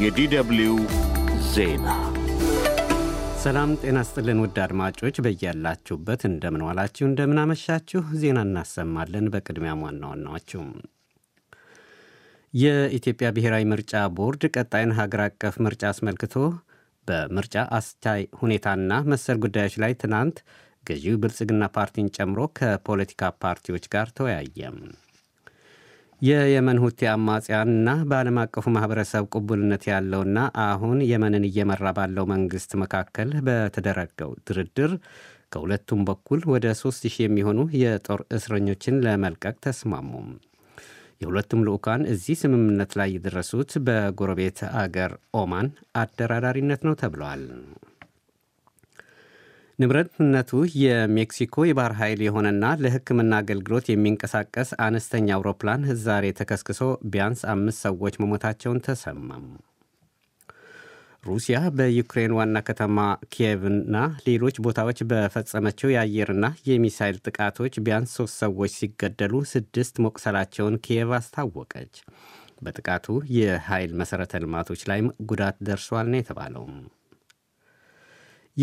የዲደብሊው ዜና ሰላም ጤና ስጥልን ውድ አድማጮች በያላችሁበት እንደምንዋላችሁ እንደምናመሻችሁ ዜና እናሰማለን። በቅድሚያ ዋና ዋናዎቹም የኢትዮጵያ ብሔራዊ ምርጫ ቦርድ ቀጣይን ሀገር አቀፍ ምርጫ አስመልክቶ በምርጫ አስቻይ ሁኔታና መሰል ጉዳዮች ላይ ትናንት ገዢው ብልጽግና ፓርቲን ጨምሮ ከፖለቲካ ፓርቲዎች ጋር ተወያየም። የየመን ሁቴ አማጽያንና በዓለም አቀፉ ማህበረሰብ ቁቡልነት ያለውና አሁን የመንን እየመራ ባለው መንግስት መካከል በተደረገው ድርድር ከሁለቱም በኩል ወደ ሦስት ሺህ የሚሆኑ የጦር እስረኞችን ለመልቀቅ ተስማሙ። የሁለቱም ልዑካን እዚህ ስምምነት ላይ የደረሱት በጎረቤት አገር ኦማን አደራዳሪነት ነው ተብለዋል። ንብረትነቱ የሜክሲኮ የባህር ኃይል የሆነና ለሕክምና አገልግሎት የሚንቀሳቀስ አነስተኛ አውሮፕላን ዛሬ ተከስክሶ ቢያንስ አምስት ሰዎች መሞታቸውን ተሰማም። ሩሲያ በዩክሬን ዋና ከተማ ኪየቭና ሌሎች ቦታዎች በፈጸመችው የአየርና የሚሳይል ጥቃቶች ቢያንስ ሶስት ሰዎች ሲገደሉ ስድስት መቁሰላቸውን ኪየቭ አስታወቀች። በጥቃቱ የኃይል መሠረተ ልማቶች ላይም ጉዳት ደርሷል ነው የተባለው።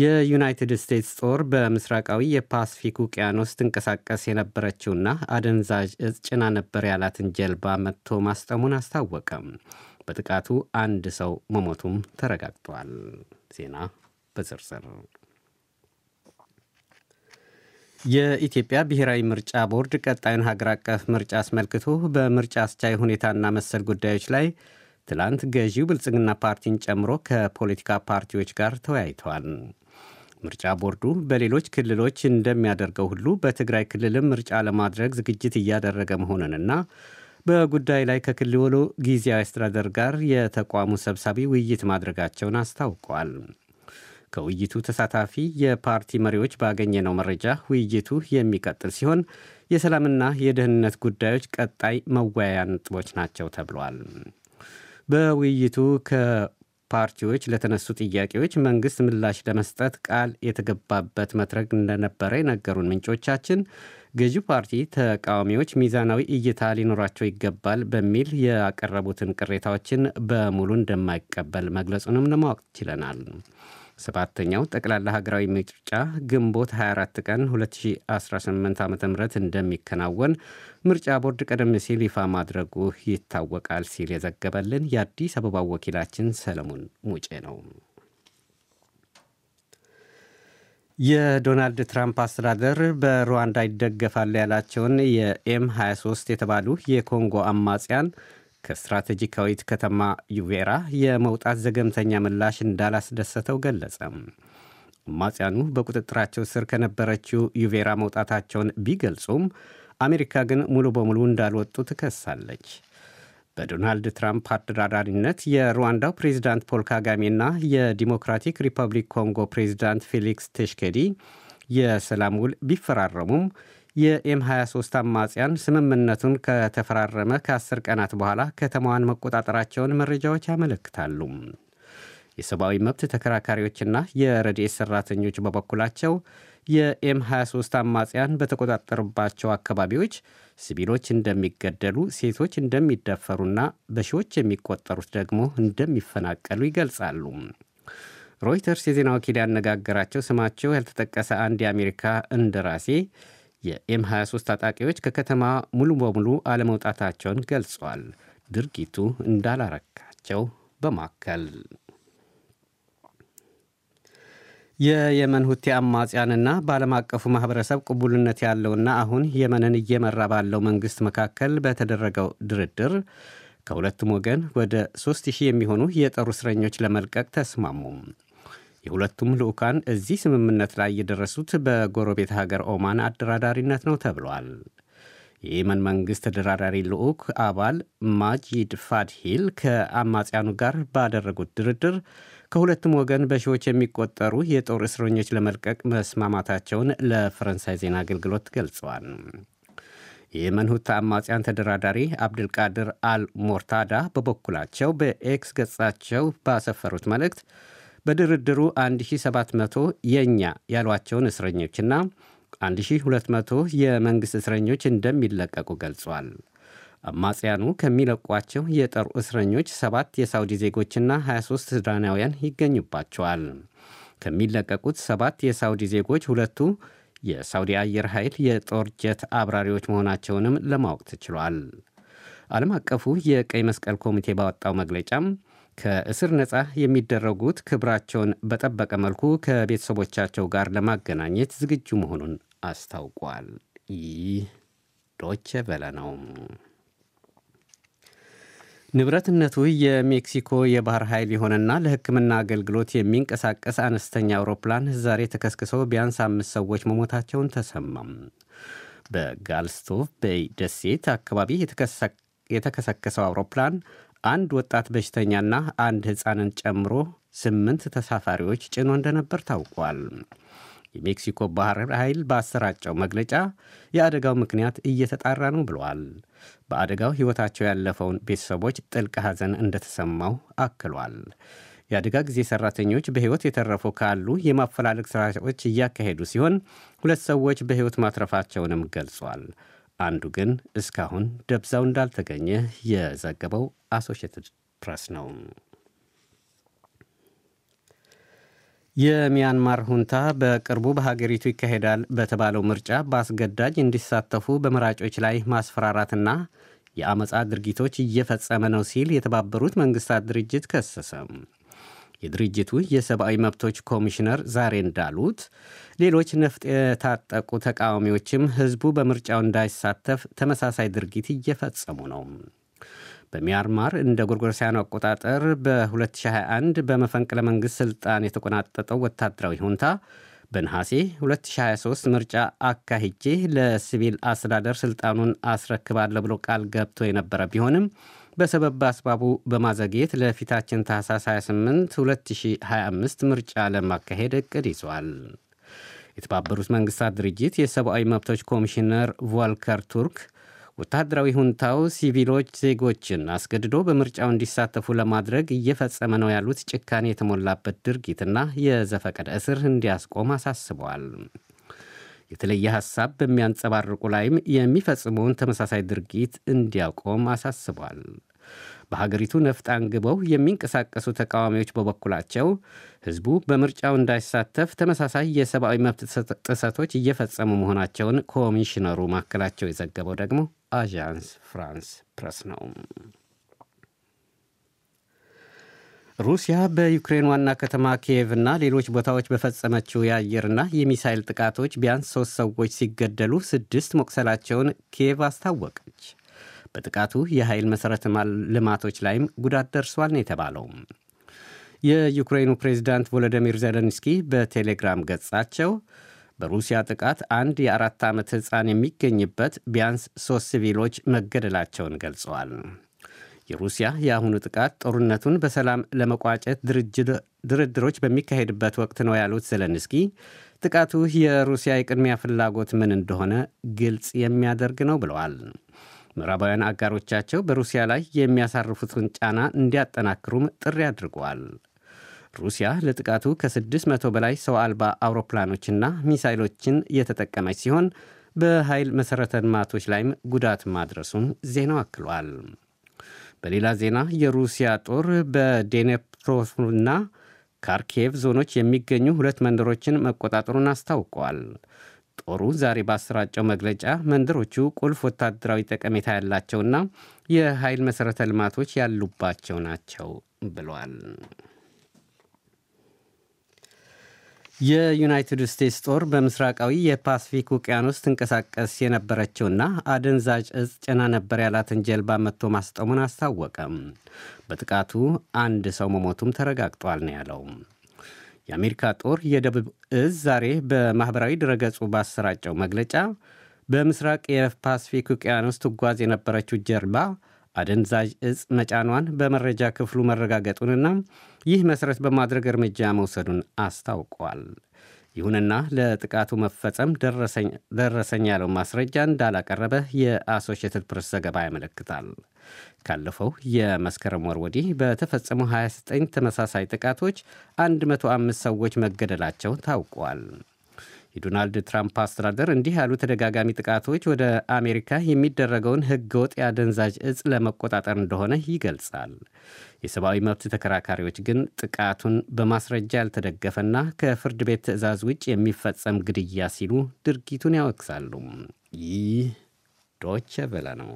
የዩናይትድ ስቴትስ ጦር በምስራቃዊ የፓስፊክ ውቅያኖስ ትንቀሳቀስ የነበረችውና አደንዛዥ እጽ ጭና ነበር ያላትን ጀልባ መጥቶ ማስጠሙን አስታወቀም። በጥቃቱ አንድ ሰው መሞቱም ተረጋግጧል። ዜና በዝርዝር የኢትዮጵያ ብሔራዊ ምርጫ ቦርድ ቀጣዩን ሀገር አቀፍ ምርጫ አስመልክቶ በምርጫ አስቻይ ሁኔታና መሰል ጉዳዮች ላይ ትላንት ገዢው ብልጽግና ፓርቲን ጨምሮ ከፖለቲካ ፓርቲዎች ጋር ተወያይተዋል። ምርጫ ቦርዱ በሌሎች ክልሎች እንደሚያደርገው ሁሉ በትግራይ ክልልም ምርጫ ለማድረግ ዝግጅት እያደረገ መሆኑንና በጉዳይ ላይ ከክልሉ ጊዜያዊ አስተዳደር ጋር የተቋሙ ሰብሳቢ ውይይት ማድረጋቸውን አስታውቋል። ከውይይቱ ተሳታፊ የፓርቲ መሪዎች ባገኘነው መረጃ ውይይቱ የሚቀጥል ሲሆን የሰላምና የደህንነት ጉዳዮች ቀጣይ መወያያ ነጥቦች ናቸው ተብሏል። በውይይቱ ከ ፓርቲዎች ለተነሱ ጥያቄዎች መንግስት ምላሽ ለመስጠት ቃል የተገባበት መድረክ እንደነበረ የነገሩን ምንጮቻችን ገዢ ፓርቲ ተቃዋሚዎች ሚዛናዊ እይታ ሊኖራቸው ይገባል በሚል ያቀረቡትን ቅሬታዎችን በሙሉ እንደማይቀበል መግለጹንም ለማወቅ ችለናል። ሰባተኛው ጠቅላላ ሀገራዊ ምርጫ ግንቦት 24 ቀን 2018 ዓ ም እንደሚከናወን ምርጫ ቦርድ ቀደም ሲል ይፋ ማድረጉ ይታወቃል ሲል የዘገበልን የአዲስ አበባ ወኪላችን ሰለሞን ሙጬ ነው። የዶናልድ ትራምፕ አስተዳደር በሩዋንዳ ይደገፋሉ ያላቸውን የኤም 23 የተባሉ የኮንጎ አማጽያን ከስትራቴጂካዊት ከተማ ዩቬራ የመውጣት ዘገምተኛ ምላሽ እንዳላስደሰተው ገለጸ። አማጽያኑ በቁጥጥራቸው ስር ከነበረችው ዩቬራ መውጣታቸውን ቢገልጹም አሜሪካ ግን ሙሉ በሙሉ እንዳልወጡ ትከሳለች። በዶናልድ ትራምፕ አደራዳሪነት የሩዋንዳው ፕሬዚዳንት ፖል ካጋሜና የዲሞክራቲክ ሪፐብሊክ ኮንጎ ፕሬዚዳንት ፌሊክስ ቴሽኬዲ የሰላም ውል ቢፈራረሙም የኤም 23 አማጽያን ስምምነቱን ከተፈራረመ ከአስር ቀናት በኋላ ከተማዋን መቆጣጠራቸውን መረጃዎች ያመለክታሉ። የሰብአዊ መብት ተከራካሪዎችና የረድኤት ሠራተኞች በበኩላቸው የኤም 23 አማጽያን በተቆጣጠሩባቸው አካባቢዎች ሲቪሎች እንደሚገደሉ፣ ሴቶች እንደሚደፈሩና በሺዎች የሚቆጠሩት ደግሞ እንደሚፈናቀሉ ይገልጻሉ። ሮይተርስ የዜና ወኪል ያነጋገራቸው ስማቸው ያልተጠቀሰ አንድ የአሜሪካ እንደራሴ የኤም 23 ታጣቂዎች ከከተማ ሙሉ በሙሉ አለመውጣታቸውን ገልጿል። ድርጊቱ እንዳላረካቸው በማከል የየመን ሁቴ አማጽያንና በዓለም አቀፉ ማኅበረሰብ ቅቡልነት ያለውና አሁን የመንን እየመራ ባለው መንግሥት መካከል በተደረገው ድርድር ከሁለቱም ወገን ወደ 3000 የሚሆኑ የጦር እስረኞች ለመልቀቅ ተስማሙም። የሁለቱም ልዑካን እዚህ ስምምነት ላይ የደረሱት በጎረቤት ሀገር ኦማን አደራዳሪነት ነው ተብሏል። የየመን መንግሥት ተደራዳሪ ልዑክ አባል ማጂድ ፋድሂል ከአማጽያኑ ጋር ባደረጉት ድርድር ከሁለቱም ወገን በሺዎች የሚቆጠሩ የጦር እስረኞች ለመልቀቅ መስማማታቸውን ለፈረንሳይ ዜና አገልግሎት ገልጸዋል። የየመን ሁታ አማጽያን ተደራዳሪ አብድልቃድር አልሞርታዳ በበኩላቸው በኤክስ ገጻቸው ባሰፈሩት መልእክት በድርድሩ 1700 የእኛ ያሏቸውን እስረኞችና 1200 የመንግሥት እስረኞች እንደሚለቀቁ ገልጿል። አማጽያኑ ከሚለቋቸው የጠሩ እስረኞች ሰባት የሳውዲ ዜጎችና 23 ሱዳናውያን ይገኙባቸዋል። ከሚለቀቁት ሰባት የሳውዲ ዜጎች ሁለቱ የሳውዲ አየር ኃይል የጦር ጀት አብራሪዎች መሆናቸውንም ለማወቅ ተችሏል። ዓለም አቀፉ የቀይ መስቀል ኮሚቴ ባወጣው መግለጫም ከእስር ነፃ የሚደረጉት ክብራቸውን በጠበቀ መልኩ ከቤተሰቦቻቸው ጋር ለማገናኘት ዝግጁ መሆኑን አስታውቋል። ይህ ዶቼ ቬለ ነው። ንብረትነቱ የሜክሲኮ የባህር ኃይል የሆነና ለሕክምና አገልግሎት የሚንቀሳቀስ አነስተኛ አውሮፕላን ዛሬ ተከስክሰው ቢያንስ አምስት ሰዎች መሞታቸውን ተሰማም። በጋልስቶቭ በይ ደሴት አካባቢ የተከሰከሰው አውሮፕላን አንድ ወጣት በሽተኛና አንድ ሕፃንን ጨምሮ ስምንት ተሳፋሪዎች ጭኖ እንደነበር ታውቋል። የሜክሲኮ ባህር ኃይል በአሰራጨው መግለጫ የአደጋው ምክንያት እየተጣራ ነው ብለዋል። በአደጋው ሕይወታቸው ያለፈውን ቤተሰቦች ጥልቅ ሐዘን እንደተሰማው አክሏል። የአደጋ ጊዜ ሰራተኞች በሕይወት የተረፉ ካሉ የማፈላለግ ሥራዎች እያካሄዱ ሲሆን ሁለት ሰዎች በሕይወት ማትረፋቸውንም ገልጿል። አንዱ ግን እስካሁን ደብዛው እንዳልተገኘ የዘገበው አሶሽትድ ፕሬስ ነው። የሚያንማር ሁንታ በቅርቡ በሀገሪቱ ይካሄዳል በተባለው ምርጫ በአስገዳጅ እንዲሳተፉ በመራጮች ላይ ማስፈራራትና የአመፃ ድርጊቶች እየፈጸመ ነው ሲል የተባበሩት መንግስታት ድርጅት ከሰሰም። የድርጅቱ የሰብአዊ መብቶች ኮሚሽነር ዛሬ እንዳሉት ሌሎች ነፍጥ የታጠቁ ተቃዋሚዎችም ህዝቡ በምርጫው እንዳይሳተፍ ተመሳሳይ ድርጊት እየፈጸሙ ነው። በሚያንማር እንደ ጎርጎርሲያኑ አቆጣጠር በ2021 በመፈንቅለ መንግሥት ሥልጣን የተቆናጠጠው ወታደራዊ ሁንታ በነሐሴ 2023 ምርጫ አካሂጄ ለሲቪል አስተዳደር ሥልጣኑን አስረክባለሁ ብሎ ቃል ገብቶ የነበረ ቢሆንም በሰበብ አስባቡ በማዘግየት ለፊታችን ታህሳስ 28 2025 ምርጫ ለማካሄድ እቅድ ይዟል። የተባበሩት መንግስታት ድርጅት የሰብአዊ መብቶች ኮሚሽነር ቮልከር ቱርክ ወታደራዊ ሁንታው ሲቪሎች ዜጎችን አስገድዶ በምርጫው እንዲሳተፉ ለማድረግ እየፈጸመ ነው ያሉት ጭካኔ የተሞላበት ድርጊትና የዘፈቀደ እስር እንዲያስቆም አሳስበዋል። የተለየ ሐሳብ በሚያንጸባርቁ ላይም የሚፈጽመውን ተመሳሳይ ድርጊት እንዲያቆም አሳስቧል። በሀገሪቱ ነፍጥ አንግበው የሚንቀሳቀሱ ተቃዋሚዎች በበኩላቸው ህዝቡ በምርጫው እንዳይሳተፍ ተመሳሳይ የሰብአዊ መብት ጥሰቶች እየፈጸሙ መሆናቸውን ኮሚሽነሩ ማከላቸው የዘገበው ደግሞ አዣንስ ፍራንስ ፕረስ ነው። ሩሲያ በዩክሬን ዋና ከተማ እና ሌሎች ቦታዎች በፈጸመችው የአየርና የሚሳይል ጥቃቶች ቢያንስ ሶስት ሰዎች ሲገደሉ ስድስት መቁሰላቸውን ኪየቭ አስታወቅ በጥቃቱ የኃይል መሠረተ ልማቶች ላይም ጉዳት ደርሷል ነው የተባለው። የዩክሬኑ ፕሬዚዳንት ቮሎዲሚር ዘለንስኪ በቴሌግራም ገጻቸው በሩሲያ ጥቃት አንድ የአራት ዓመት ሕፃን የሚገኝበት ቢያንስ ሦስት ሲቪሎች መገደላቸውን ገልጸዋል። የሩሲያ የአሁኑ ጥቃት ጦርነቱን በሰላም ለመቋጨት ድርድሮች በሚካሄድበት ወቅት ነው ያሉት ዘለንስኪ ጥቃቱ የሩሲያ የቅድሚያ ፍላጎት ምን እንደሆነ ግልጽ የሚያደርግ ነው ብለዋል። ምዕራባውያን አጋሮቻቸው በሩሲያ ላይ የሚያሳርፉትን ጫና እንዲያጠናክሩም ጥሪ አድርጓል። ሩሲያ ለጥቃቱ ከ600 በላይ ሰው አልባ አውሮፕላኖችና ሚሳይሎችን የተጠቀመች ሲሆን በኃይል መሠረተ ልማቶች ላይም ጉዳት ማድረሱን ዜናው አክሏል። በሌላ ዜና የሩሲያ ጦር በዴኔፕሮና ካርኬቭ ዞኖች የሚገኙ ሁለት መንደሮችን መቆጣጠሩን አስታውቋል። ጦሩ ዛሬ ባሰራጨው መግለጫ መንደሮቹ ቁልፍ ወታደራዊ ጠቀሜታ ያላቸውና የኃይል መሠረተ ልማቶች ያሉባቸው ናቸው ብሏል። የዩናይትድ ስቴትስ ጦር በምስራቃዊ የፓስፊክ ውቅያኖስ ትንቀሳቀስ የነበረችውና አደንዛዥ እጽ ጭና ነበር ያላትን ጀልባ መጥቶ ማስጠሙን አስታወቀም። በጥቃቱ አንድ ሰው መሞቱም ተረጋግጧል ነው ያለውም። የአሜሪካ ጦር የደቡብ እዝ ዛሬ በማኅበራዊ ድረገጹ ባሰራጨው መግለጫ በምስራቅ የፓስፊክ ውቅያኖስ ትጓዝ የነበረችው ጀልባ አደንዛዥ እጽ መጫኗን በመረጃ ክፍሉ መረጋገጡንና ይህ መሠረት በማድረግ እርምጃ መውሰዱን አስታውቋል። ይሁንና ለጥቃቱ መፈጸም ደረሰኝ ያለው ማስረጃ እንዳላቀረበ የአሶሺየትድ ፕሬስ ዘገባ ያመለክታል። ካለፈው የመስከረም ወር ወዲህ በተፈጸሙ 29 ተመሳሳይ ጥቃቶች 105 ሰዎች መገደላቸው ታውቋል። የዶናልድ ትራምፕ አስተዳደር እንዲህ ያሉ ተደጋጋሚ ጥቃቶች ወደ አሜሪካ የሚደረገውን ሕገወጥ የአደንዛዥ እጽ ለመቆጣጠር እንደሆነ ይገልጻል። የሰብአዊ መብት ተከራካሪዎች ግን ጥቃቱን በማስረጃ ያልተደገፈና ከፍርድ ቤት ትዕዛዝ ውጭ የሚፈጸም ግድያ ሲሉ ድርጊቱን ያወግዛሉ። ይህ ዶች ቬለ ነው።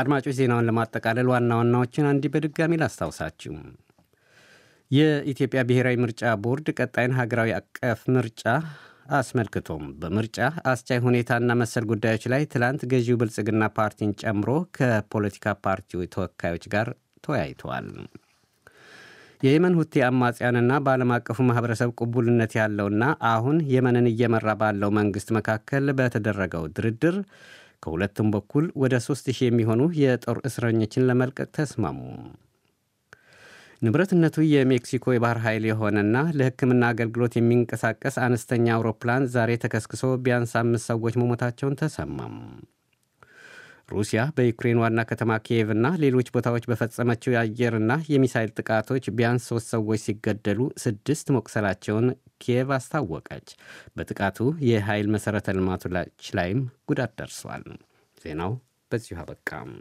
አድማጮች፣ ዜናውን ለማጠቃለል ዋና ዋናዎችን አንዲህ በድጋሚ ላስታውሳችሁ። የኢትዮጵያ ብሔራዊ ምርጫ ቦርድ ቀጣይን ሀገራዊ አቀፍ ምርጫ አስመልክቶም በምርጫ አስቻይ ሁኔታና መሰል ጉዳዮች ላይ ትላንት ገዢው ብልጽግና ፓርቲን ጨምሮ ከፖለቲካ ፓርቲው ተወካዮች ጋር ተወያይተዋል። የየመን ሁቴ አማጽያንና በዓለም አቀፉ ማህበረሰብ ቅቡልነት ያለውና አሁን የመንን እየመራ ባለው መንግስት መካከል በተደረገው ድርድር ከሁለቱም በኩል ወደ ሦስት ሺህ የሚሆኑ የጦር እስረኞችን ለመልቀቅ ተስማሙ። ንብረትነቱ የሜክሲኮ የባህር ኃይል የሆነና ለሕክምና አገልግሎት የሚንቀሳቀስ አነስተኛ አውሮፕላን ዛሬ ተከስክሶ ቢያንስ አምስት ሰዎች መሞታቸውን ተሰማም። ሩሲያ በዩክሬን ዋና ከተማ እና ሌሎች ቦታዎች በፈጸመችው የአየርና የሚሳይል ጥቃቶች ቢያንስ ሶስት ሰዎች ሲገደሉ ስድስት መቁሰላቸውን ኪየቭ አስታወቀች። በጥቃቱ የኃይል መሠረተ ልማቶች ላይም ጉዳት ደርሷል። ዜናው በዚሁ አበቃም።